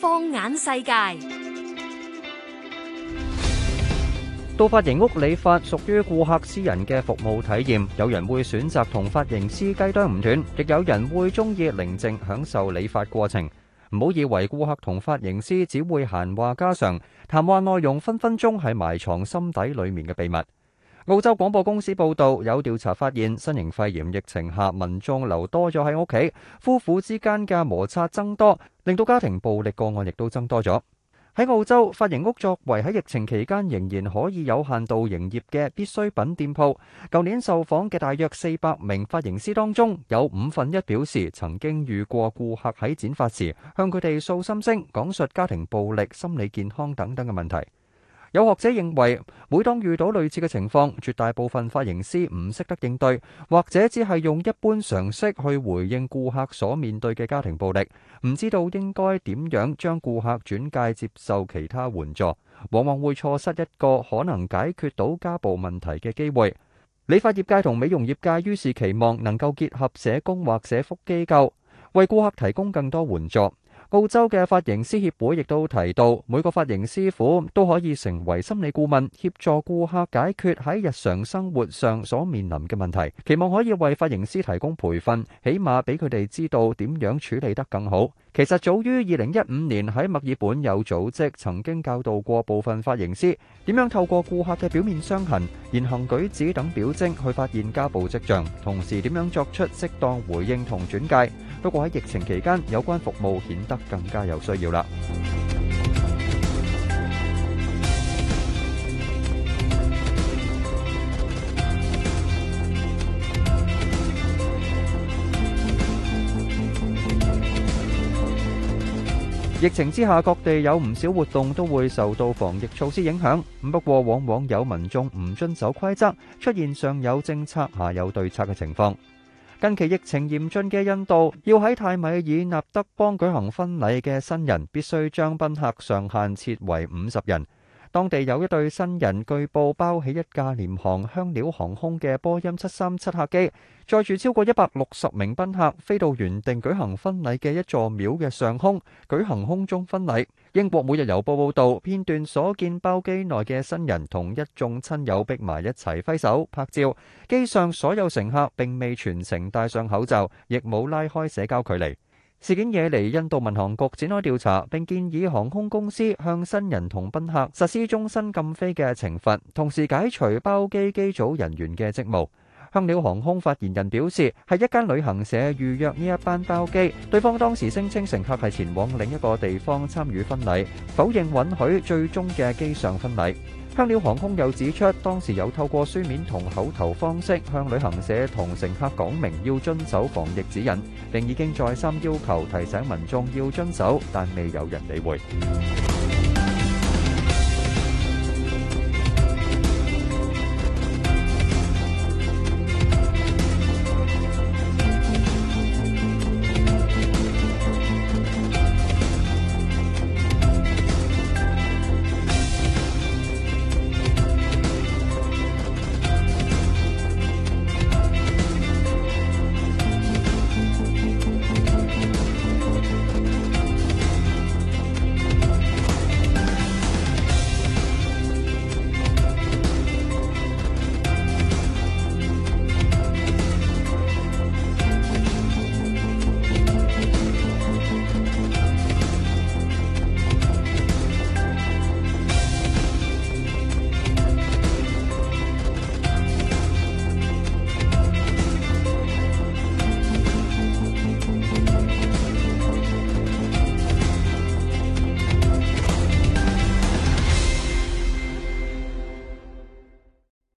放眼世界，到髮型屋理髮屬於顧客私人嘅服務體驗。有人會選擇同髮型師雞啄唔斷，亦有人會鍾意寧靜享受理髮過程。唔好以為顧客同髮型師只會閒話家常，談話內容分分鐘係埋藏心底裏面嘅秘密。澳洲廣播公司報道，有調查發現，新型肺炎疫情下，民眾留多咗喺屋企，夫婦之間嘅摩擦增多，令到家庭暴力個案亦都增多咗。喺澳洲，髮型屋作為喺疫情期間仍然可以有限度營業嘅必需品店鋪，舊年受訪嘅大約四百名髮型師當中，有五分一表示曾經遇過顧客喺剪髮時向佢哋訴心聲，講述家庭暴力、心理健康等等嘅問題。有學者認為，每當遇到類似嘅情況，絕大部分髮型師唔識得應對，或者只係用一般常識去回應顧客所面對嘅家庭暴力，唔知道應該點樣將顧客轉介接受其他援助，往往會錯失一個可能解決到家暴問題嘅機會。理髮業界同美容業界於是期望能夠結合社工或社福機構，為顧客提供更多援助。澳洲嘅髮型師協會亦都提到，每個髮型師傅都可以成為心理顧問，協助顧客解決喺日常生活上所面臨嘅問題。期望可以為髮型師提供培訓，起碼俾佢哋知道點樣處理得更好。其實早於二零一五年喺墨爾本，有組織曾經教導過部分髮型師點樣透過顧客嘅表面傷痕、言行舉止等表徵去發現家暴跡象，同時點樣作出適當回應同轉介。不過喺疫情期間，有關服務顯得更加有需要啦。疫情之下，各地有唔少活動都會受到防疫措施影響，不過往往有民眾唔遵守規則，出現上有政策、下有對策嘅情況。近期疫情嚴峻嘅印度，要喺泰米爾納德邦舉行婚禮嘅新人，必須將賓客上限設為五十人。當地有一對新人據報包起一架廉航香料航空嘅波音七三七客機，載住超過一百六十名賓客飛到原定舉行婚禮嘅一座廟嘅上空舉行空中婚禮。英國每日郵報報道，片段所見包機內嘅新人同一眾親友逼埋一齊揮手拍照，機上所有乘客並未全程戴上口罩，亦冇拉開社交距離。事件惹嚟，印度民航局展開調查，並建議航空公司向新人同賓客實施終身禁飛嘅懲罰，同時解除包機機組人員嘅職務。香料航空發言人表示，係一間旅行社預約呢一班包機，對方當時聲稱乘客係前往另一個地方參與婚禮，否認允許最終嘅機上婚禮。香港航空又指出，當時有透過書面同口頭方式向旅行社同乘客講明要遵守防疫指引，並已經再三要求提醒民眾要遵守，但未有人理會。